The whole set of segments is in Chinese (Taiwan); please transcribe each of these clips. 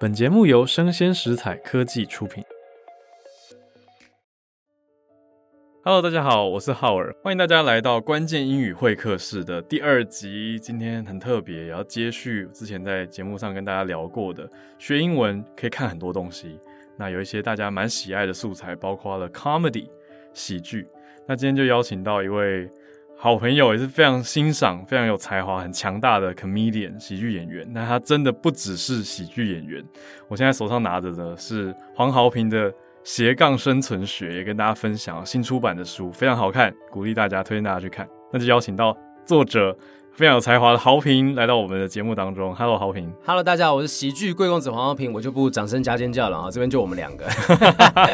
本節目由聲鮮時采科技出品。Hello，大家好，我是浩爾，歡迎大家來到關鍵英語會客室的第二集。今天很特別，要接續之前在節目上跟大家聊過的，學英文可以看很多東西。那有一些大家蠻喜愛的素材，包括了 comedy 喜劇。那今天就邀請到一位。好朋友也是非常欣賞、非常有才華、很強大的 comedian 喜劇演員。那他真的不只是喜劇演員。我現在手上拿着的是黃豪平的《斜槓生存學》，也跟大家分享新出版的書，非常好看，鼓勵大家，推薦大家去看。那就邀請到作者。非常有才華的豪平來到我們的節目當中，Hello 豪平，Hello 大家好，我是喜劇貴公子黃豪平，我就不掌聲加尖叫了啊，這邊就我們兩個，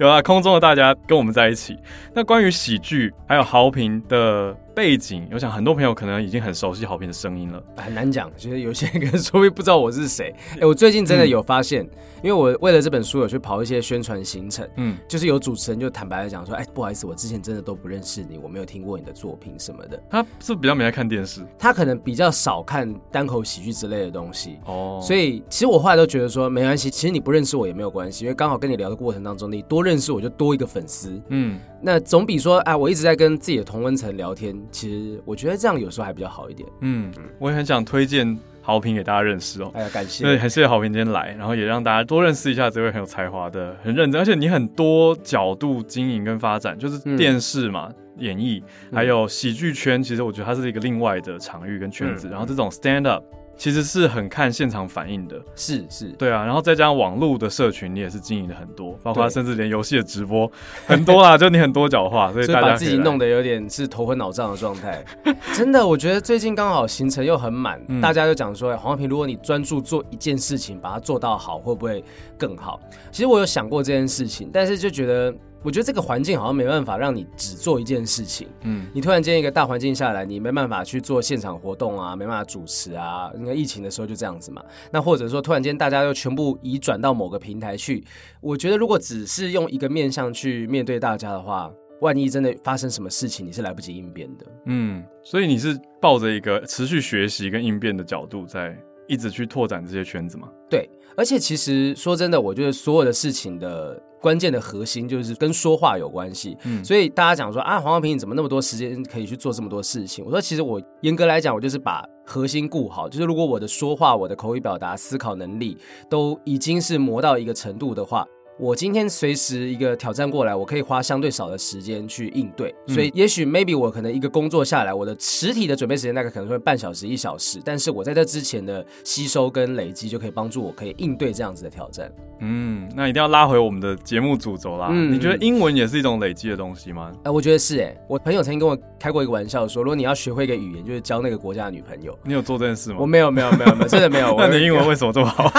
有啊，空中的大家跟我們在一起。那關於喜劇還有豪平的。背景，我想很多朋友可能已經很熟悉好評的聲音了。很難講，就是有些人可能說不定不知道我是誰。哎、欸，我最近真的有發現，嗯、因為我為了這本書有去跑一些宣傳行程。嗯，就是有主持人就坦白的講說：“哎、欸，不好意思，我之前真的都不認識你，我沒有聽過你的作品什麼的。”他是比較沒在看電視，他可能比較少看單口喜劇之類的東西。哦，所以其實我後來都覺得說，沒關係，其實你不認識我也沒有關係，因為剛好跟你聊的過程當中，你多認識我就多一個粉絲。嗯。那總比說、啊、我一直在跟自己的同溫層聊天，其實我覺得這樣有時候還比較好一點。嗯，我也很想推薦豪平給大家認識哦。哎呀，感謝。對，很謝謝豪平今天來，然後也讓大家多認識一下這位很有才華的、很認真，而且你很多角度經營跟發展，就是電視嘛、嗯、演藝，還有喜劇圈，其實我覺得它是一個另外的場域跟圈子。嗯、然後這種 stand up。其實是很看現場反應的，是是，是對啊，然後再加上網絡的社群，你也是經營了很多，包括甚至連遊戲的直播，很多啦。 就你很多角化，所以，大家以所以把自己弄得有點是頭昏腦脹的狀態。 真的，我覺得最近剛好行程又很滿， 大家就講說，欸、黃豪平，如果你專注做一件事情，把它做到好，會不會更好？其實我有想過這件事情，但是就覺得。我覺得這個環境好像沒辦法讓你只做一件事情。嗯，你突然間一個大環境下來，你沒辦法去做現場活動啊，沒辦法主持啊。你看疫情的時候就這樣子嘛。那或者說突然間大家又全部移轉到某個平台去，我覺得如果只是用一個面向去面對大家的話，萬一真的發生什麼事情，你是來不及應變的。嗯，所以你是抱着一個持續學習跟應變的角度，在一直去拓展這些圈子嗎？對，而且其實說真的，我覺得所有的事情的。關鍵的核心就是跟說話有關係，嗯，所以大家講說啊，黃豪平，你怎麼那麼多時間可以去做這麼多事情？我說其實我嚴格來講，我就是把核心顧好，就是如果我的說話、我的口語表達、思考能力都已經是磨到一個程度的話。我今天隨時一個挑戰過來，我可以花相對少的時間去應對，嗯、所以也許 maybe 我可能一個工作下來，我的實體的準備時間大概可能會半小時一小時，但是我在這之前的吸收跟累積，就可以幫助我可以應對這樣子的挑戰。嗯，那一定要拉回我們的節目主軸啦。嗯，你覺得英文也是一種累積的東西嗎？哎、呃，我覺得是哎，欸，我朋友曾經跟我開過一個玩笑說，如果你要學會一個語言，就是交那個國家的女朋友。你有做這件事嗎？我沒有，沒有，沒有，沒有，真的沒有。 那你英文為什麼這麼好？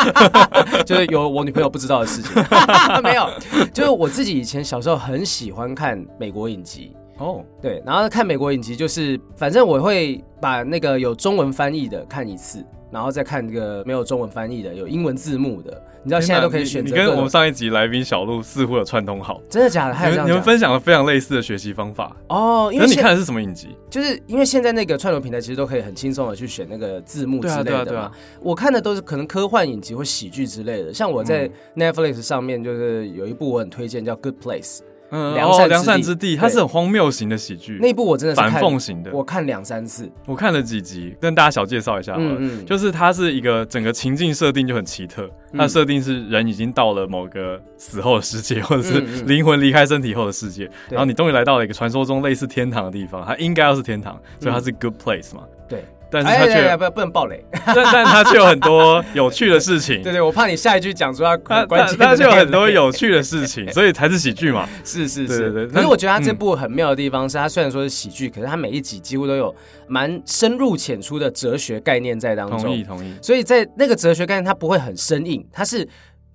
就是有我女朋友不知道的事情。 沒有，就是我自己以前小時候很喜歡看美國影集哦，oh. 對，然後看美國影集就是，反正我會把那個有中文翻譯的看一次。然後再看一個沒有中文翻譯的，有英文字幕的，你知道現在都可以選擇。你跟我們上一集來賓小路似乎有串通好，真的假的？還有你，你們分享了非常類似的學習方法哦。那你看的是什麼影集？就是因為現在那個串流平台其實都可以很輕鬆的去選那個字幕之類的。我看的都是可能科幻影集或喜劇之類的。像我在 Netflix 上面就是有一部我很推薦叫《Good Place》。嗯良、哦，良善之地。對它是很荒謬型的喜劇。那部我真的是看反諷型的，我看兩三次，我看了幾集，跟大家小介紹一下好了。嗯嗯，就是它是一個整個情境設定就很奇特，嗯、它的設定是人已經到了某個死後的世界，或者是靈魂離開身體後的世界，嗯嗯，然後你終於來到了一個傳說中類似天堂的地方，它應該要是天堂，所以它是 good place 嘛。嗯嗯但是他，他卻不不能暴雷，但但他卻有很多有趣的事情。 對，對對，我怕你下一句講出他關機。他，卻有很多有趣的事情，所以才是喜劇嘛。 是是是是。可是，我覺得他這部很妙的地方是，嗯、他雖然說是喜劇，可是他每一集幾乎都有蠻深入淺出的哲學概念在當中。同意同意。同意，所以在那個哲學概念，它不會很生硬，它是。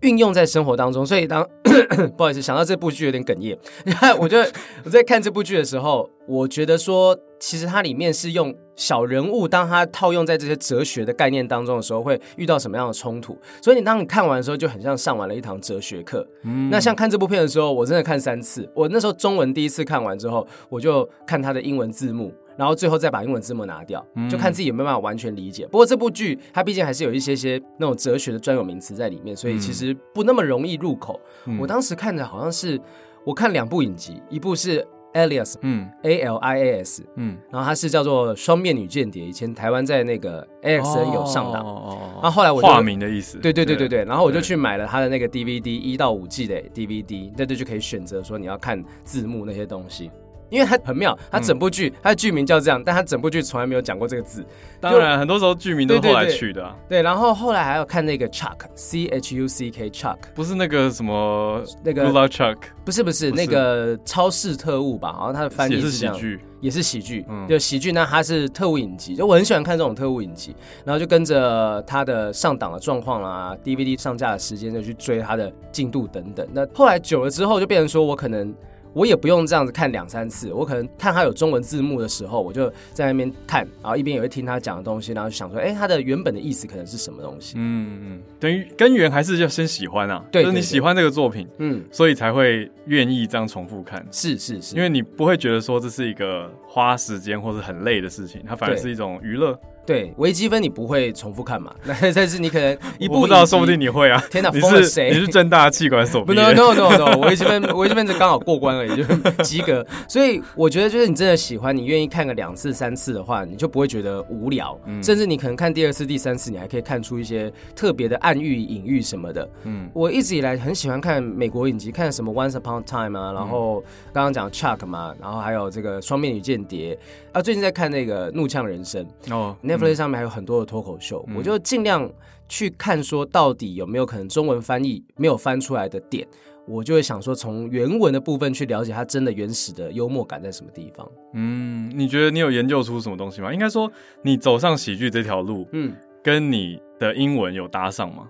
運用在生活當中，所以當 不好意思，想到這部劇有點哽咽。然後我就， 我覺得我在看這部劇的時候，我覺得說其實它裡面是用小人物，當它套用在這些哲學的概念當中的時候，會遇到什麼樣的衝突？所以你當你看完的時候，就很像上完了一堂哲學課。嗯，那像看這部片的時候，我真的看三次。我那時候中文第一次看完之後，我就看它的英文字幕。然後最後再把英文字幕拿掉，就看自己有沒有辦法完全理解。嗯、不過這部劇它畢竟還是有一些些那種哲學的專有名詞在裡面，所以其實不那麼容易入口。嗯、我當時看的好像是我看兩部影集，一部是 Alias，嗯，A L I A S，嗯，然後它是叫做《雙面女間諜》，以前台灣在那個 A X N 有上檔，哦、然後後來我就化名的意思，對對對對對，對然後我就去買了它的那個 D V D 一到五季的 D V D，對對那就可以選擇說你要看字幕那些東西。因為它很妙，它整部劇它、嗯、的劇名叫這樣，但它整部劇從來沒有講過這個字。當然，就很多時候劇名都是後來取的、啊對對對。對，然後後來還有看那個 Chuck C H U C K Chuck，不是那個什麼那個 ula Chuck，不是不是，不是那個超市特務吧？好像它的翻譯是喜劇，也是喜劇。是喜劇，嗯，就喜劇，那它是特務影集。就我很喜歡看這種特務影集，然後就跟着它的上檔的狀況啦，DVD 上架的時間就去追它的進度等等。那後來久了之後，就變成說我可能。我也不用這樣子看兩三次，我可能看他有中文字幕的時候，我就在那邊看，然後一邊也會聽他講的東西，然後就想說，哎、欸，他的原本的意思可能是什麼東西？嗯嗯，等於根源還是要先喜歡啊，對對對，就是你喜歡這個作品，對對對，嗯，所以才會願意這樣重複看，是是是，因為你不會覺得說這是一個花時間或者很累的事情，它反而是一種娛樂。對微積分你不會重複看嘛？但是你可能一部不知道，說不定你會啊！天吶哪，你是了誰？你是政大企管所？不能 no no,，no no no！微積分微積分是剛好過關而已，就 及格。所以我覺得就是你真的喜歡，你願意看個兩次三次的話，你就不會覺得無聊。嗯、甚至你可能看第二次第三次，你還可以看出一些特別的暗喻、隱喻什麼的。嗯，我一直以來很喜歡看美國影集，看什麼 Once Upon a Time 啊，然後剛剛講 Chuck 嘛，然後還有這個雙面女間諜啊。最近在看那個怒嗆人生哦，嗯、上面還有很多的脫口秀，嗯、我就盡量去看說到底有沒有可能中文翻譯沒有翻出來的點，我就會想說從原文的部分去了解它真的原始的幽默感在什麼地方。嗯，你覺得你有研究出什麼東西嗎？應該說你走上喜劇這條路，嗯，跟你的英文有搭上嗎？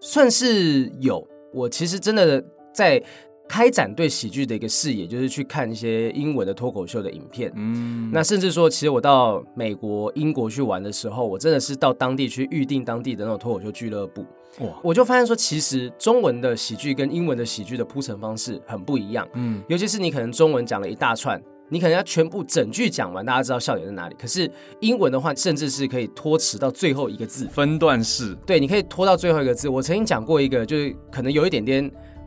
算是有。我其實真的在。開展對喜劇的一個視野，就是去看一些英文的脫口秀的影片。嗯，那甚至說，其實我到美國、英國去玩的時候，我真的是到當地去預定當地的那種脫口秀俱樂部。哇！我就發現說，其實中文的喜劇跟英文的喜劇的鋪陳方式很不一樣。嗯，尤其是你可能中文講了一大串，你可能要全部整句講完，大家知道笑點在哪裡。可是英文的話，甚至是可以拖遲到最後一個字，分段式。對，你可以拖到最後一個字。我曾經講過一個，就是可能有一點點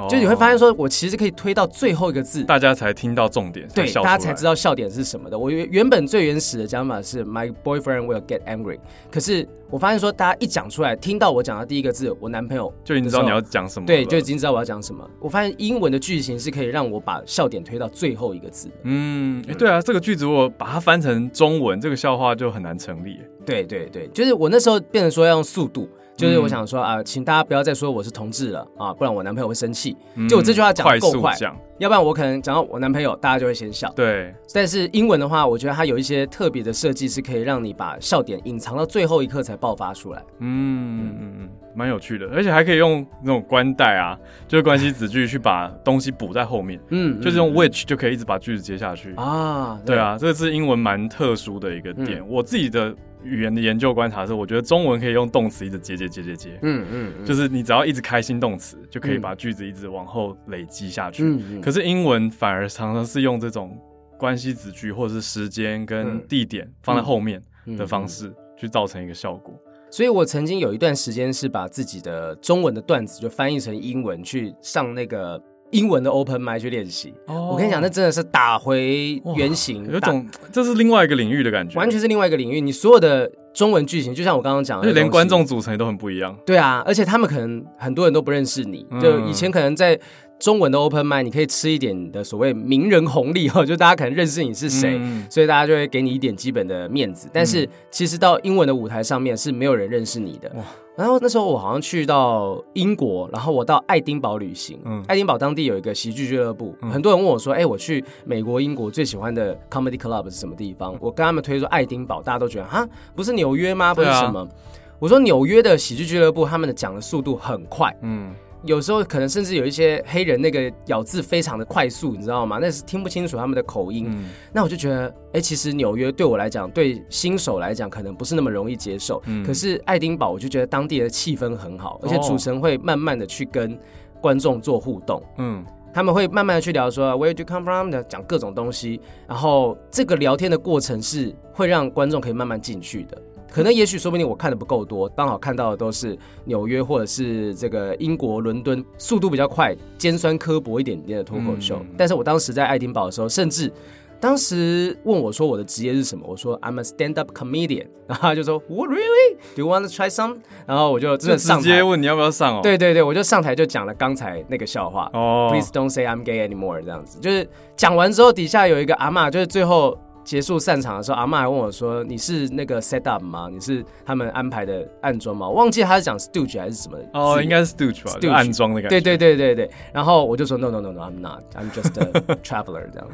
Oh, 就你會發現，說我其實可以推到最後一個字，大家才聽到重點。對，大家才知道笑點是什麼的。我原本最原始的講法是 My boyfriend will get angry，可是我發現說，大家一講出來，聽到我講的第一個字，我男朋友就已經知道你要講什麼。對，就已經知道我要講什麼。我發現英文的句型是可以讓我把笑點推到最後一個字的。嗯，對啊，這個句子我把它翻成中文，這個笑話就很難成立。對對對，就是我那時候變成說要用速度。就是我想說、嗯、啊，請大家不要再說我是同志了啊，不然我男朋友會生氣。嗯、就我這句話講得夠快講，要不然我可能講到我男朋友，大家就會先笑。對，但是英文的話，我覺得它有一些特別的設計，是可以讓你把笑點隱藏到最後一刻才爆發出來。嗯嗯嗯，蠻、嗯嗯嗯、有趣的，而且還可以用那種關帶啊，就是關係子句去把東西補在後面。嗯，就是用 which 就可以一直把句子接下去啊。對，對啊，這個是英文蠻特殊的一個點。嗯、我自己的。語言的研究觀察是，我覺得中文可以用動詞一直接接接接接，嗯，嗯嗯，就是你只要一直開心動詞，嗯，就可以把句子一直往後累積下去。嗯嗯嗯，可是英文反而常常是用這種關係子句或者是時間跟地點放在後面的方式去造成一個效果。所以我曾經有一段時間是把自己的中文的段子就翻譯成英文去上那個。英文的 Open Mic 去練習，oh, 我跟你講，那真的是打回原形，有種打這是另外一個領域的感覺，完全是另外一個領域，你所有的中文劇情就像我剛剛講的，就連觀眾組成都很不一樣。對啊，而且他們可能很多人都不認識你。嗯、就以前可能在中文的 Open Mic 你可以吃一點你的所謂名人紅利哈，就大家可能認識你是誰，嗯嗯，所以大家就會給你一點基本的面子。但是其實到英文的舞台上面是沒有人認識你的。然後那時候我好像去到英國，然後我到愛丁堡旅行，嗯、愛丁堡當地有一個喜劇俱樂部，很多人問我說：“哎、欸，我去美國、英國最喜歡的 Comedy Club 是什麼地方？”嗯、我跟他們推說愛丁堡，大家都覺得啊，不是你。紐約嗎？不是什麼。啊、我說紐約的喜劇俱樂部，他們的講的速度很快。嗯，有時候可能甚至有一些黑人那個咬字非常的快速，你知道嗎？那是聽不清楚他們的口音。嗯、那我就覺得，哎、欸，其實紐約對我來講，對新手來講，可能不是那麼容易接受。嗯、可是愛丁堡，我就覺得當地的氣氛很好，而且主持人會慢慢的去跟觀眾做互動。嗯、哦，他們會慢慢的去聊說 Where did you come from 的，講各種東西，然後這個聊天的過程是會讓觀眾可以慢慢進去的。可能也許說不定我看的不夠多，剛好看到的都是紐約或者是這個英國倫敦速度比較快，尖酸刻薄一點點的脫口秀。嗯，但是我當時在愛丁堡的時候，甚至當時問我說我的職業是什麼，我說 I'm a stand-up comedian，然後他就說 What, really? Do you want to try some? 然後我就真的上台直接問你要不要上哦？對對對，我就上台就講了剛才那個笑話哦。Please don't say I'm gay anymore 這樣子，就是講完之後底下有一個阿嬤，就是最後。結束散場的時候，阿媽還問我說：“你是那個 set up 嗎？你是他們安排的暗裝嗎？”我忘記他是講 stooge 還是什麼哦，oh, Z 應該是 stooge 吧，暗裝的感覺。對對對對對，然後我就說：“No no no no，I'm not，I'm just a traveler。” 這樣，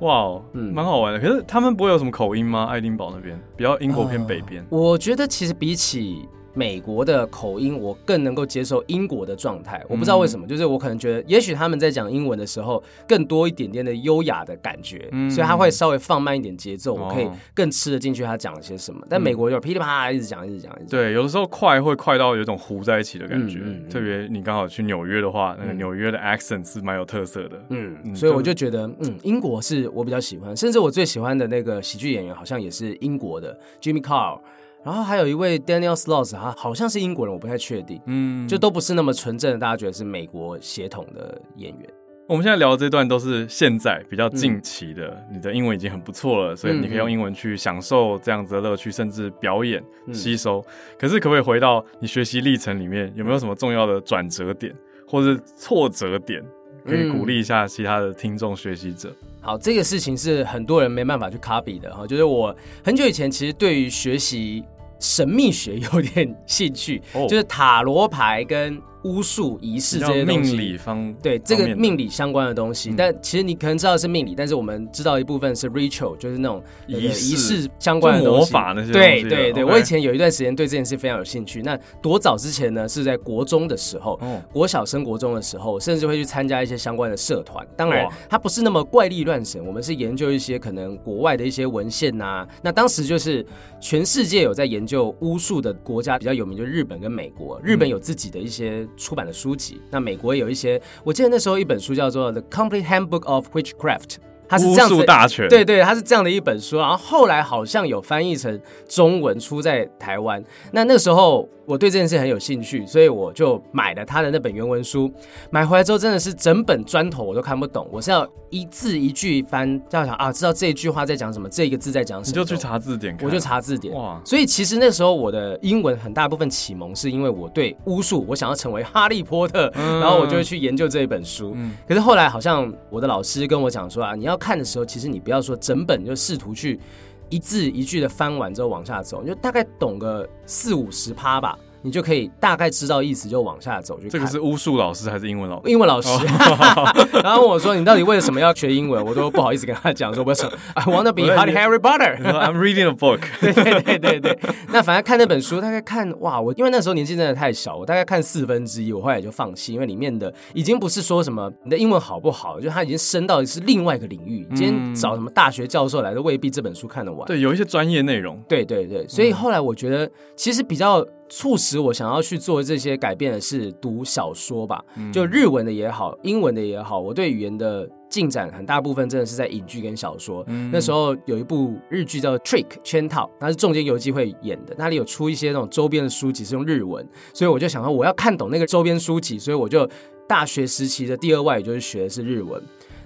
哇，Wow, 嗯，蠻好玩的。可是他們不會有什麼口音嗎？愛丁堡那邊比較英國偏北邊，uh, 我覺得其實比起。美國的口音，我更能夠接受英國的狀態，嗯、我不知道為什麼，就是我可能覺得，也許他們在講英文的時候更多一點點的優雅的感覺，嗯、所以他會稍微放慢一點節奏，哦、我可以更吃得進去他講了些什麼。嗯、但美國就噼里啪啦一直講一直講，一直講，對，有的時候快會快到有一種糊在一起的感覺。嗯、特別你剛好去紐約的話，嗯、那個紐約的 accent 是蠻有特色的，嗯，嗯所以我就覺得，嗯，英國是我比較喜歡，甚至我最喜歡的那個喜劇演員好像也是英國的 Jimmy Carr。然後還有一位 Daniel Sloss，他好像是英國人，我不太確定，嗯，就都不是那麼純正的。大家覺得是美國血統的演員。我們現在聊的這段都是現在比較近期的，嗯、你的英文已經很不錯了，所以你可以用英文去享受這樣子的樂趣，甚至表演、嗯、吸收。可是，可不可以回到你學習歷程裡面，有沒有什麼重要的轉折點或是挫折點，可以鼓勵一下其他的聽眾學習者？嗯、好，這個事情是很多人沒辦法去 copy 的哈，就是我很久以前其實對於學習。神秘學有點興趣，oh. 就是塔羅牌跟，巫術儀式這些命理方，方面，對這個命理相關的東西，嗯、但其實你可能知道是命理，但是我們知道一部分是 ritual，就是那種儀儀式，式相關的魔法那些東西。對對對，Okay 我以前有一段時間對這件事非常有興趣。那多早之前呢？是在國中的時候，哦、國小升國中的時候，甚至會去參加一些相關的社團。當然，它哇不是那麼怪力亂神，我們是研究一些可能國外的一些文獻吶、啊。那當時就是全世界有在研究巫術的國家比較有名，就是日本跟美國。嗯、日本有自己的一些。出版的書籍，那美國有一些，我記得那時候一本書叫做《The Complete Handbook of Witchcraft》，它是這樣子，對，對對，它是這樣的一本書，然後後來好像有翻譯成中文，出在台灣，那那時候。我對這件事很有興趣，所以我就買了他的那本原文書。買回來之後，真的是整本磚頭我都看不懂。我是要一字一句翻，要想啊，知道這一句話在講什麼，這一個字在講什麼，你就去查字典。我就查字典哇！所以其實那時候我的英文很大部分啟蒙，是因為我對巫術，我想要成為哈利波特，嗯、然後我就會去研究這一本書。嗯、可是後來好像我的老師跟我講說啊，你要看的時候，其實你不要說整本，就試圖去。一字一句的翻完之後往下走，就大概懂個四五十趴吧。你就可以大概知道意思，就往下走就這個是巫術老師還是英文老？師？英文老師，oh. 然後問我說：“你到底為什麼要學英文？” 我都不好意思跟他講說：“我什啊，I wanna be honey Harry Potter？I'm，no, reading a book。” 對對對對，對，對那反正看那本書，大概看哇，我因為那時候年紀真的太小，我大概看四分之一，我後來就放棄，因為裡面的已經不是說什麼你的英文好不好，就它已經升到是另外一個領域。嗯、今天找什麼大學教授來都未必這本書看得完。對，有一些專業內容。對對對，所以後來我覺得其實比較。促使我想要去做這些改變的是讀小說吧，就日文的也好，英文的也好，我對語言的進展很大部分真的是在影劇跟小說。嗯、那時候有一部日劇叫做《Trick》圈套，它是仲間由紀惠演的，那裡有出一些那種周邊的書籍是用日文，所以我就想說我要看懂那個周邊書籍，所以我就大學時期的第二外語就是學的是日文。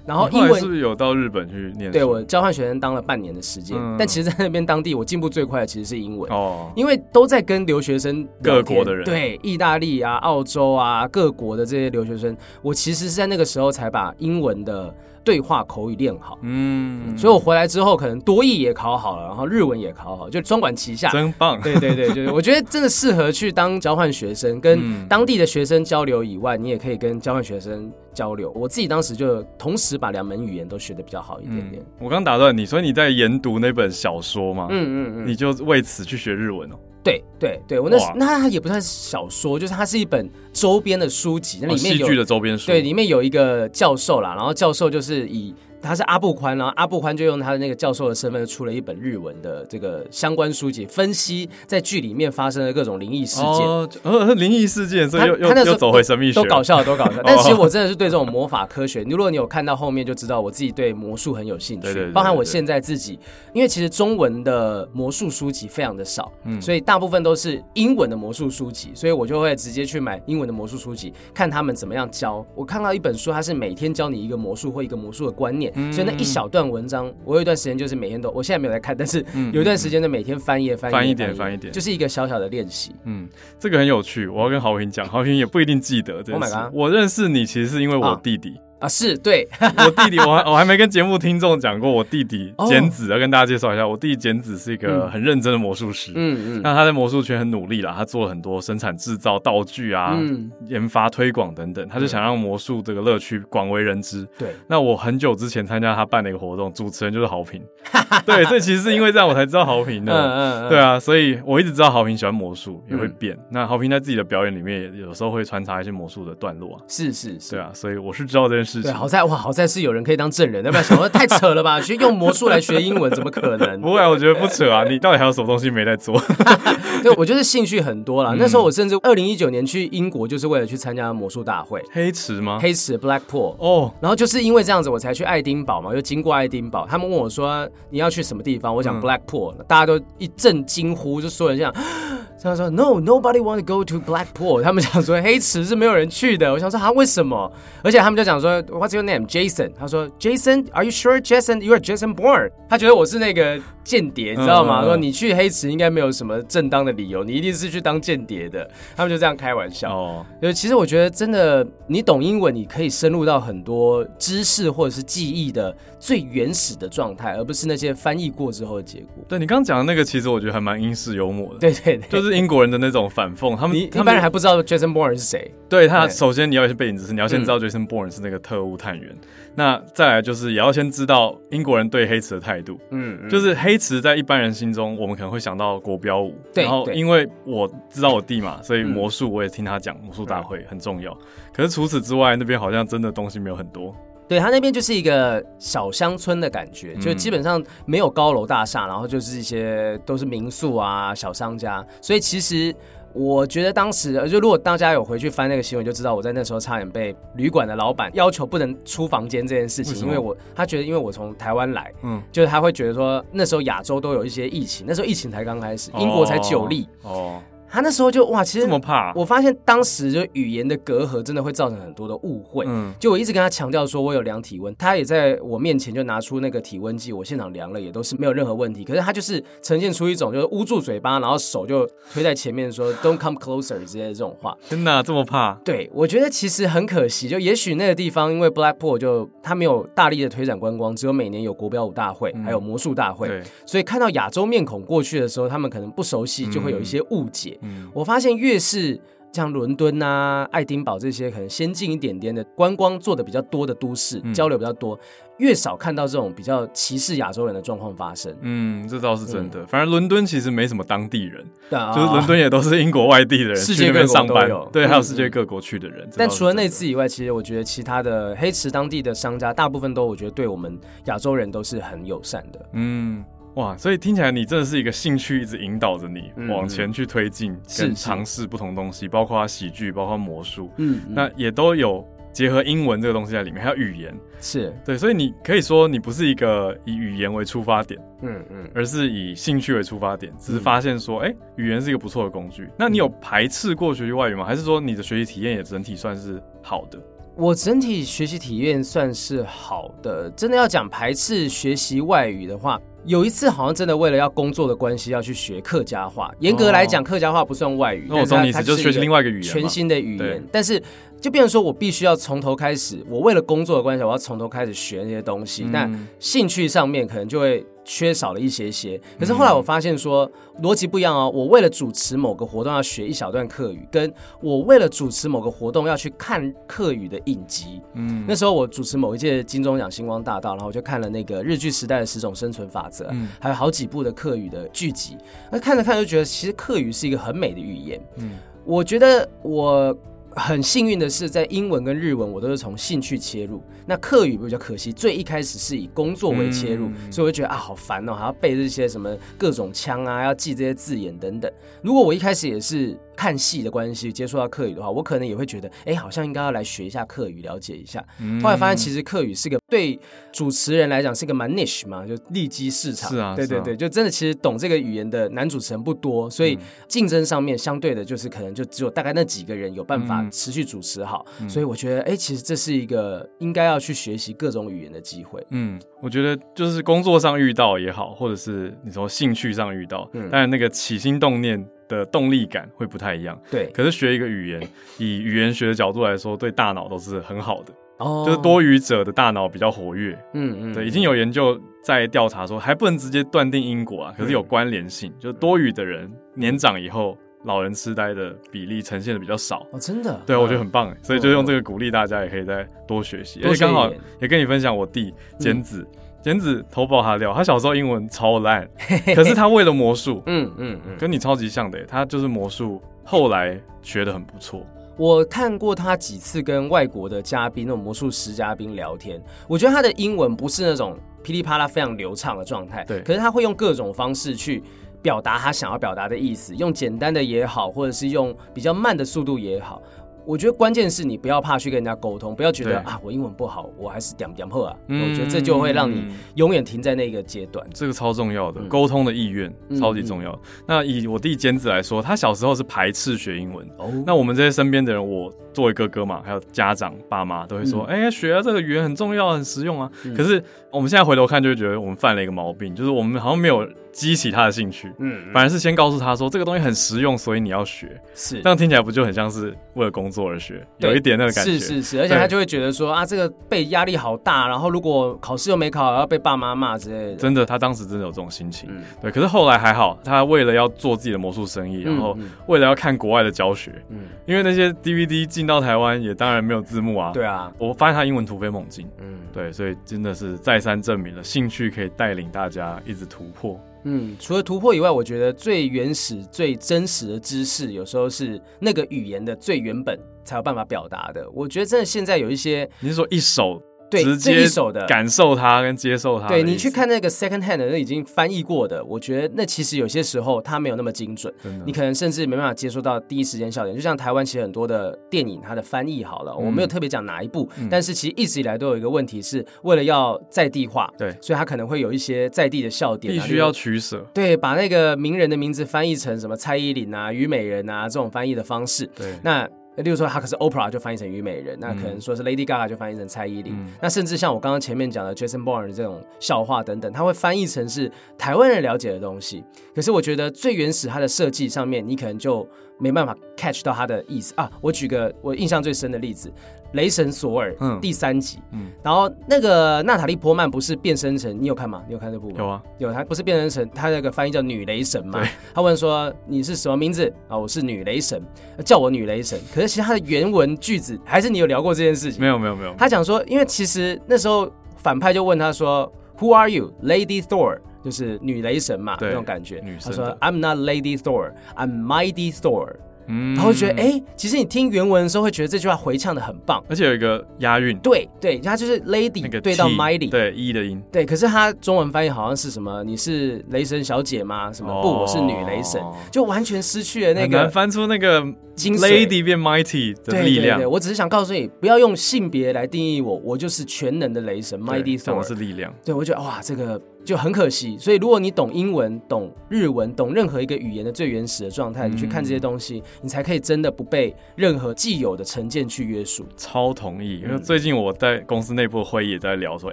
然後英文是不是有到日本去念書？對，我交換學生當了半年的時間，嗯、但其實，在那邊當地，我進步最快的其實是英文哦，因為都在跟留學生各，各國的人，對，意大利啊、澳洲啊各國的這些留學生，我其實是在那個時候才把英文的，對話口語練好，嗯，所以我回來之後可能多益也考好了，然後日文也考好，就雙管齊下，真棒。對對對， 就是我覺得真的適合去當交換學生，跟當地的學生交流以外，你也可以跟交換學生交流。我自己當時就同時把兩門語言都學得比較好一點點。嗯，我剛打斷你，所以你在研讀那本小說嗎？嗯嗯嗯，嗯嗯，你就為此去學日文哦？對對對，我那哇那他也不算是小說，就是它是一本周邊的書籍，那裡面有、哦、戲劇的周邊書，對，裡面有一個教授啦，然後教授就是以。他是阿布寬，然後阿布寬就用他的那個教授的身份出了一本日文的這個相關書籍，分析在劇裡面發生的各種靈異事件。哦、呃，靈異事件，所以又又走回神秘學，都搞笑，都搞笑。哦、但其實我真的是對這種魔法科學，如果你有看到後面，就知道我自己對魔術很有興趣。對、對、對、對、對，包含我現在自己，因為其實中文的魔術書籍非常的少，嗯，所以大部分都是英文的魔術書籍，所以我就會直接去買英文的魔術書籍，看他們怎麼樣教。我看到一本書，它是每天教你一個魔術或一個魔術的觀念。所以那一小段文章，嗯、我有一段時間就是每天都，我現在沒有在看，但是有一段時間的每天翻頁翻頁翻一點翻一點，一點一點就是一個小小的練習。嗯，這個很有趣，我要跟豪平講，豪平也不一定記得這。我、Oh my God 我認識你其實是因為我弟弟。啊啊，是對， 我弟弟，我還我還沒跟節目聽眾講過，我弟弟簡子、哦、要跟大家介紹一下，我弟弟簡子是一個很認真的魔術師，嗯嗯，嗯嗯，那他在魔術圈很努力啦，他做了很多生產製造道具啊，嗯、研發推廣等等，他就想讓魔術這個樂趣廣為人知。對，那我很久之前參加他辦的一個活動，主持人就是豪平， 對，這其實是因為這樣我才知道豪平的，嗯嗯嗯對啊，所以我一直知道豪平喜歡魔術，也會變。嗯、那豪平在自己的表演裡面，有時候會穿插一些魔術的段落啊，是是是，對啊，所以我是知道這件。對，好在哇，好在是有人可以當證人，要不然想說太扯了吧？去 用魔術來學英文，怎麼可能？ 對不會，我覺得不扯啊。 你到底還有什麼東西沒在做？ 對，我就是興趣很多啦。嗯、那時候我甚至二零一九年去英國，就是為了去參加魔術大會。黑池嗎？黑池 （Blackpool）。Black 哦，然後就是因為這樣子，我才去愛丁堡嘛，又經過愛丁堡，他們問我說、啊、你要去什麼地方，我講 Blackpool，、嗯、大家都一陣驚呼，就說人家。嗯他說：“No, nobody want to go to Blackpool。”他們想說黑池是沒有人去的。我想說啊，為什麼？而且他們就講說：“What's your name, Jason？” 他說：“Jason, are you sure, Jason? You are Jason Bourne。”他覺得我是那個間諜，你知道嗎？嗯、說、嗯、你去黑池應該沒有什麼正當的理由，你一定是去當間諜的。他們就這樣開玩笑。哦，其實我覺得真的，你懂英文，你可以深入到很多知識或者是記憶的最原始的狀態，而不是那些翻譯過之後的結果。對你剛剛講的那個，其實我覺得還蠻英式幽默的。對對對，就是是英國人的那種反諷，他們一般人還不知道 Jason Bourne 是誰？對，他首先你要先背景知識，你要先知道 Jason Bourne 是那個特務探員。嗯、那再來就是也要先知道英國人對黑池的態度。嗯，嗯，就是黑池在一般人心中，我們可能會想到國標舞。對然後，因為我知道我弟嘛，所以魔術我也聽他講，嗯、魔術大會很重要。可是除此之外，那邊好像真的東西沒有很多。對，他那邊就是一個小鄉村的感覺，就基本上沒有高樓大廈，然後就是一些都是民宿啊、小商家，所以其實我覺得當時就如果大家有回去翻那個新聞，就知道我在那時候差點被旅館的老板要求不能出房間這件事情，為什麼？因為我他覺得因為我從台灣來，嗯，就是他會覺得說那時候亞洲都有一些疫情，那時候疫情才剛開始，英國才九例，哦，哦。他那時候就哇，其實這麼怕。我發現當時就語言的隔閡真的會造成很多的誤會。嗯。就我一直跟他強調說，我有量體溫，他也在我面前就拿出那個體溫計，我現場量了，也都是沒有任何問題。可是他就是呈現出一種就是捂住嘴巴，然後手就推在前面說 “Don't come closer” 之類的這種話。真的這麼怕？對，我覺得其實很可惜。就也許那個地方因為 Blackpool 就他沒有大力的推展觀光，只有每年有國標舞大會、嗯、還有魔術大會，對所以看到亞洲面孔過去的時候，他們可能不熟悉，就會有一些誤解。嗯，我發現越是像倫敦啊、愛丁堡這些可能先進一點點的觀光做得比較多的都市，嗯、交流比較多，越少看到這種比較歧視亞洲人的狀況發生。嗯，這倒是真的。嗯、反正倫敦其實沒什麼當地人，嗯、就是倫敦也都是英國外地的人上班，世界各國都有，對，還有世界各國去的人。嗯嗯的但除了那次以外，其實我覺得其他的黑池當地的商家，大部分都我覺得對我們亞洲人都是很友善的。嗯。哇，所以聽起來你真的是一個興趣一直引導着你往前去推進，跟嘗試不同東西，嗯、包括它喜劇，包括魔術、嗯，嗯，那也都有結合英文這個東西在裡面，還有語言，是對，所以你可以說你不是一個以語言為出發點，嗯嗯，嗯，而是以興趣為出發點，只是發現說，哎、嗯欸，語言是一個不錯的工具。那你有排斥過學習外語嗎？還是說你的學習體驗也整體算是好的？我整體學習體驗算是好的，真的要講排斥學習外語的話，有一次好像真的為了要工作的關係要去學客家話。嚴格來講，客家話不算外語，那我懂你意思，就是學習另外一個語言，全新的語言，但是。就變成說，我必須要從頭開始。我為了工作的關係，我要從頭開始學那些東西。嗯、但興趣上面可能就會缺少了一些些。可是後來我發現說，邏輯、嗯、不一樣哦。我為了主持某個活動要學一小段課語，跟我為了主持某個活動要去看課語的影集。嗯，那時候我主持某一屆金鐘獎星光大道，然後我就看了那個日劇時代的十種生存法則，嗯、還有好幾部的課語的劇集。那看着看着就覺得，其實課語是一個很美的語言。嗯，我覺得我。很幸運的是，在英文跟日文，我都是從興趣切入。那客語比較可惜，最一開始是以工作為切入，嗯、所以我就覺得啊，好煩哦，喔，還要背這些什麼各種腔啊，要記這些字眼等等。如果我一開始也是。看戲的關係，接觸到客語的話，我可能也會覺得，哎、欸，好像應該要來學一下客語，了解一下。後來、嗯、發現，其實客語是個對主持人來講是一個蠻 niche 嘛，就利基市場。是啊，對對對，就真的其實懂這個語言的男主持人不多，所以競爭上面相對的，就是可能就只有大概那幾個人有辦法持續主持好。嗯、所以我覺得，哎、欸，其實這是一個應該要去學習各種語言的機會。嗯，我覺得就是工作上遇到也好，或者是你從興趣上遇到，嗯、但那個起心動念。的動力感會不太一樣，對。可是學一個語言，以語言學的角度來說，對大腦都是很好的。哦。就是多語者的大腦比較活躍。嗯嗯。對，已經有研究在調查說，還不能直接斷定因果啊，可是有關聯性。就是多語的人年長以後，老人痴呆的比例呈現的比較少。哦，真的？對，我覺得很棒，所以就用這個鼓勵大家，也可以再多學習。而且剛好也跟你分享，我弟剪子。簡子投保他料他小時候英文超爛，可是他為了魔術、 嗯，嗯嗯嗯，跟你超級像的，他就是魔術，後來學得很不錯。我看過他幾次跟外國的嘉賓，那種魔術師嘉賓聊天，我覺得他的英文不是那種噼里啪啦非常流暢的狀態，對，可是他會用各種方式去表達他想要表達的意思，用簡單的也好，或者是用比較慢的速度也好。我覺得關鍵是你不要怕去跟人家溝通，不要覺得對啊，我英文不好，我還是點點破啊。嗯、我覺得這就會讓你永遠停在那個階段。這個超重要的溝通的意願，嗯、超級重要。那以我弟兼子來說，他小時候是排斥學英文。哦、那我們這些身邊的人，我作為哥哥嘛，還有家長爸媽都會說，哎、嗯欸，學、啊、這個語言很重要，很實用啊。嗯、可是我們現在回頭看，就會覺得我們犯了一個毛病，就是我們好像沒有。激起他的興趣，嗯，反而是先告訴他說，這個東西很實用，所以你要學。是，這樣聽起來不就很像是為了工作而學，有一點那個感覺。是是是，而且他就會覺得說啊，這個被壓力好大，然後如果考試又沒考好，要被爸媽罵之類的。真的，他當時真的有這種心情。對，可是後來還好，他為了要做自己的魔術生意，然後為了要看國外的教學，嗯，因為那些 DVD 進到台灣也當然沒有字幕啊。對啊，我發現他英文突飛猛進。嗯，對，所以真的是再三證明了興趣可以帶領大家一直突破。嗯，除了突破以外，我覺得最原始、最真實的知識，有時候是那個語言的最原本才有辦法表達的。我覺得真的現在有一些，你是說一手？對，直接首的感受，它跟接受它。對，你去看那個 second hand 的那已經翻譯過的，我覺得那其實有些時候它沒有那麼精準。真的，你可能甚至沒辦法接受到第一時間笑點。就像台灣其實很多的電影，它的翻譯好了，嗯、我沒有特別講哪一部，嗯、但是其實一直以來都有一個問題，是為了要在地化，對，所以它可能會有一些在地的笑點，必須要取捨。對，把那個名人的名字翻譯成什麼蔡依林啊、於美人啊這種翻譯的方式。對，那。例如說，她可是 Oprah，就翻譯成《虞美人》；那可能說是 Lady Gaga，就翻譯成蔡依林。嗯、那甚至像我剛剛前面講的 Jason Bourne 這種笑話等等，他會翻譯成是台灣人了解的東西。可是我覺得最原始它的設計上面，你可能就。沒辦法 catch 到他的意思啊！我舉個我印象最深的例子，《雷神索爾》第三集，嗯嗯、然後那個娜塔莉·波曼不是變身成，你有看嗎？你有看這部嗎？有啊，有她不是變身成，她那個翻譯叫女雷神嘛。她對問說：“你是什麼名字？”啊、哦，我是女雷神，叫我女雷神。可是其實她的原文 句子，還是你有聊過這件事情？沒有，沒有，沒有。他講說，因為其實那時候反派就問他說：“Who are you, Lady Thor？” 就是女雷神嘛，那種感覺。女生，她說：“I'm not Lady Thor, I'm Mighty Thor。”嗯，她會覺得，哎，其實你聽原文的時候會覺得這句話回唱的很棒，而且有一個押韻。對對，她就是 Lady 對到 Mighty，對 E 的音。對，可是她中文翻譯好像是什麼？你是雷神小姐嗎？什麼？不，我是女雷神，就完全失去了那個。很難翻出那個 Lady 變 Mighty 的力量。我只是想告訴你，不要用性別來定義我，我就是全能的雷神 Mighty，我是力量？對，我覺得哇，這個。就很可惜，所以如果你懂英文、懂日文、懂任何一個語言的最原始的狀態，你去看這些東西，你才可以真的不被任何既有的成見去約束。超同意，因為最近我在公司內部會議也在聊說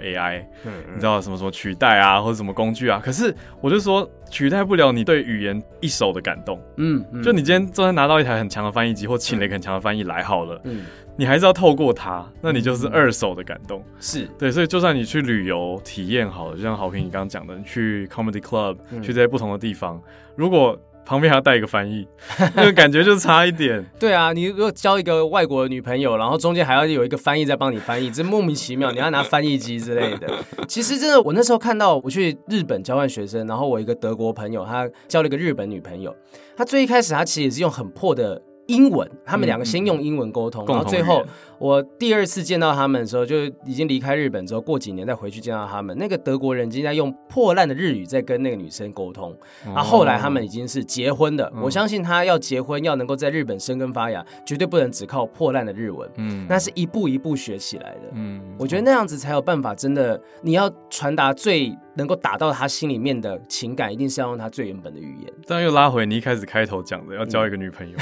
AI，、嗯、你知道什麼什麼取代啊，或者什麼工具啊，可是我就說取代不了你對語言一手的感動。嗯，嗯，就你今天雖然拿到一台很強的翻譯機，或請了一個很強的翻譯來好了。嗯。嗯你還是要透過他，那你就是二手的感動，嗯、是對，所以就算你去旅遊體驗，好了，就像豪平你剛剛講的，你去 Comedy Club 去這些不同的地方，嗯、如果旁邊還要帶一個翻譯，那個 感覺就差一點。對啊，你如果交一個外國的女朋友，然後中間還要有一個翻譯在幫你翻譯，這莫名其妙，你要拿翻譯機之類的。 其實真的，我那時候看到我去日本交換學生，然後我一個德國朋友，他交了一個日本女朋友，他最一開始他其實也是用很破的。英文，他們兩個先用英文溝通，嗯、然後最後我第二次見到他們的時候，就已經離開日本之後，過幾年再回去見到他們，那個德國人已經在用破爛的日語在跟那個女生溝通。然、啊、後後來他們已經是結婚的，哦、我相信他要結婚要能夠在日本生根發芽，嗯、絕對不能只靠破爛的日文，嗯，那是一步一步學起來的。嗯，我覺得那樣子才有辦法，真的你要傳達最。能夠打到他心裡面的情感，一定是要用他最原本的語言。當然又拉回你一開始開頭講的，要交一個女朋友。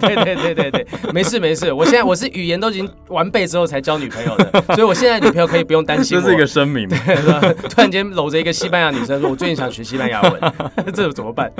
對、嗯、 對對對對， 沒事沒事，我現在我是語言都已經完備之後才交女朋友的， 所以我現在女朋友可以不用擔心我。這是一個聲明。 突然間摟着一個西班牙女生，說我最近想學西班牙文， 這怎麼辦？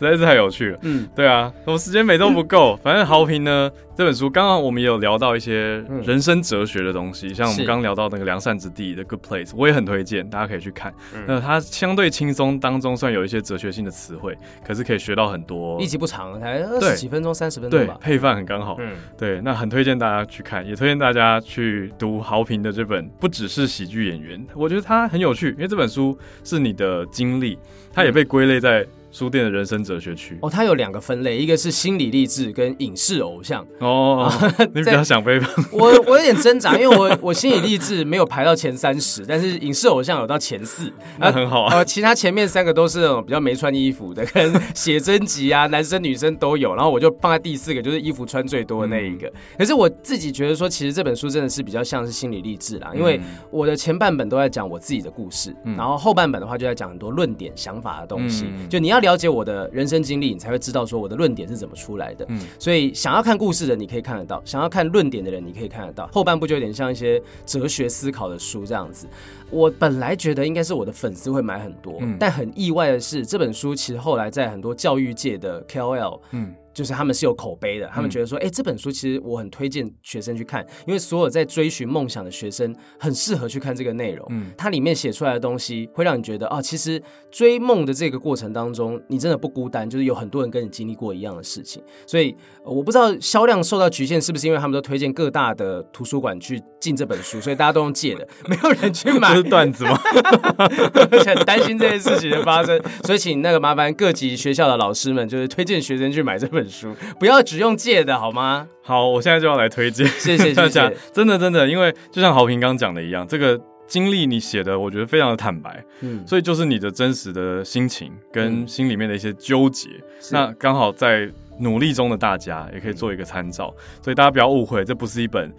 實在是太有趣了。嗯，對啊，我時間每周不夠，嗯、反正豪平呢。這本書剛剛我們也有聊到一些人生哲學的東西，嗯、像我們剛，剛聊到那個良善之地的 Good Place，我也很推薦，大家可以去看。嗯、那它相對輕鬆當中算有一些哲學性的詞彙，可是可以學到很多。一集不長，才二十幾分鐘、三十對分鐘吧？對，配飯很剛好。嗯、對，那很推薦大家去看，也推薦大家去讀豪平的這本《不只是喜劇演員》，我覺得它很有趣，因為這本書是你的經歷，它也被歸類在。書店的人生哲學區哦，它有兩個分類，一個是心理勵志跟影視偶像哦、哦、哦。啊、你比較想飛嗎？我我有點掙扎，因為我我心理勵志沒有排到前三十，但是影視偶像有到前四，啊、那很好啊、啊。其他前面三個都是那種比較沒穿衣服的，跟寫真集啊，男生女生都有。然後我就放在第四個，就是衣服穿最多的那一個。嗯、可是我自己覺得說，其實這本書真的是比較像是心理勵志啦，嗯、因為我的前半本都在講我自己的故事，嗯、然後後半本的話就在講很多論點、想法的東西，嗯嗯嗯就你要。了解我的人生經歷，你才會知道說我的論點是怎麼出來的。嗯，所以想要看故事的人，你可以看得到，想要看論點的人你可以看得到。後半部就有點像一些哲學思考的書這樣子。我本來覺得應該是我的粉絲會買很多，嗯，但很意外的是，這本書其實後來在很多教育界的 KOL，嗯。就是他們是有口碑的，嗯、他們覺得說，哎、欸，這本書其實我很推薦學生去看，因為所有在追尋夢想的學生很適合去看這個內容。嗯，它裡面寫出來的東西會讓你覺得啊、哦，其實追夢的這個過程當中，你真的不孤單，就是有很多人跟你經歷過一樣的事情。所以我不知道銷量受到局限是不是因為他們都推薦各大的圖書館去進這本書，所以大家都用借的，沒有人去買。這是段子嗎？很擔 心這件事情的發生，所以請那個麻煩各級學校的老師們，就是推薦學生去買這本書。本書不要只用借的好嗎？好，我現在就要來推薦， 謝謝大家。真的真的，因為就像豪平剛講的一樣，這個經歷你寫的，我覺得非常的坦白，嗯，所以就是你的真實的心情跟心裡面的一些糾結，嗯、那剛好在努力中的大家也可以做一個參照，嗯、所以大家不要誤會，這不是一本。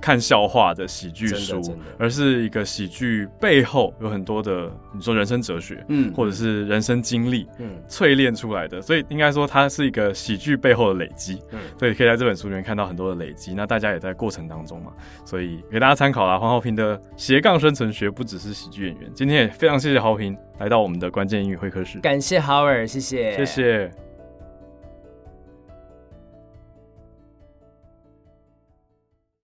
看笑話的喜劇書，真的真的，而是一個喜劇背後有很多的，你說人生哲學，嗯，或者是人生經歷，嗯，淬煉出來的。所以應該說，它是一個喜劇背後的累積。嗯，所以可以在這本書裡面看到很多的累積。那大家也在過程當中嘛，所以給大家參考啦。黃浩平的《斜槓生存學》，不只是喜劇演員，今天也非常謝謝浩平來到我們的關鍵英語會客室。感謝 w a 謝謝，謝謝。謝謝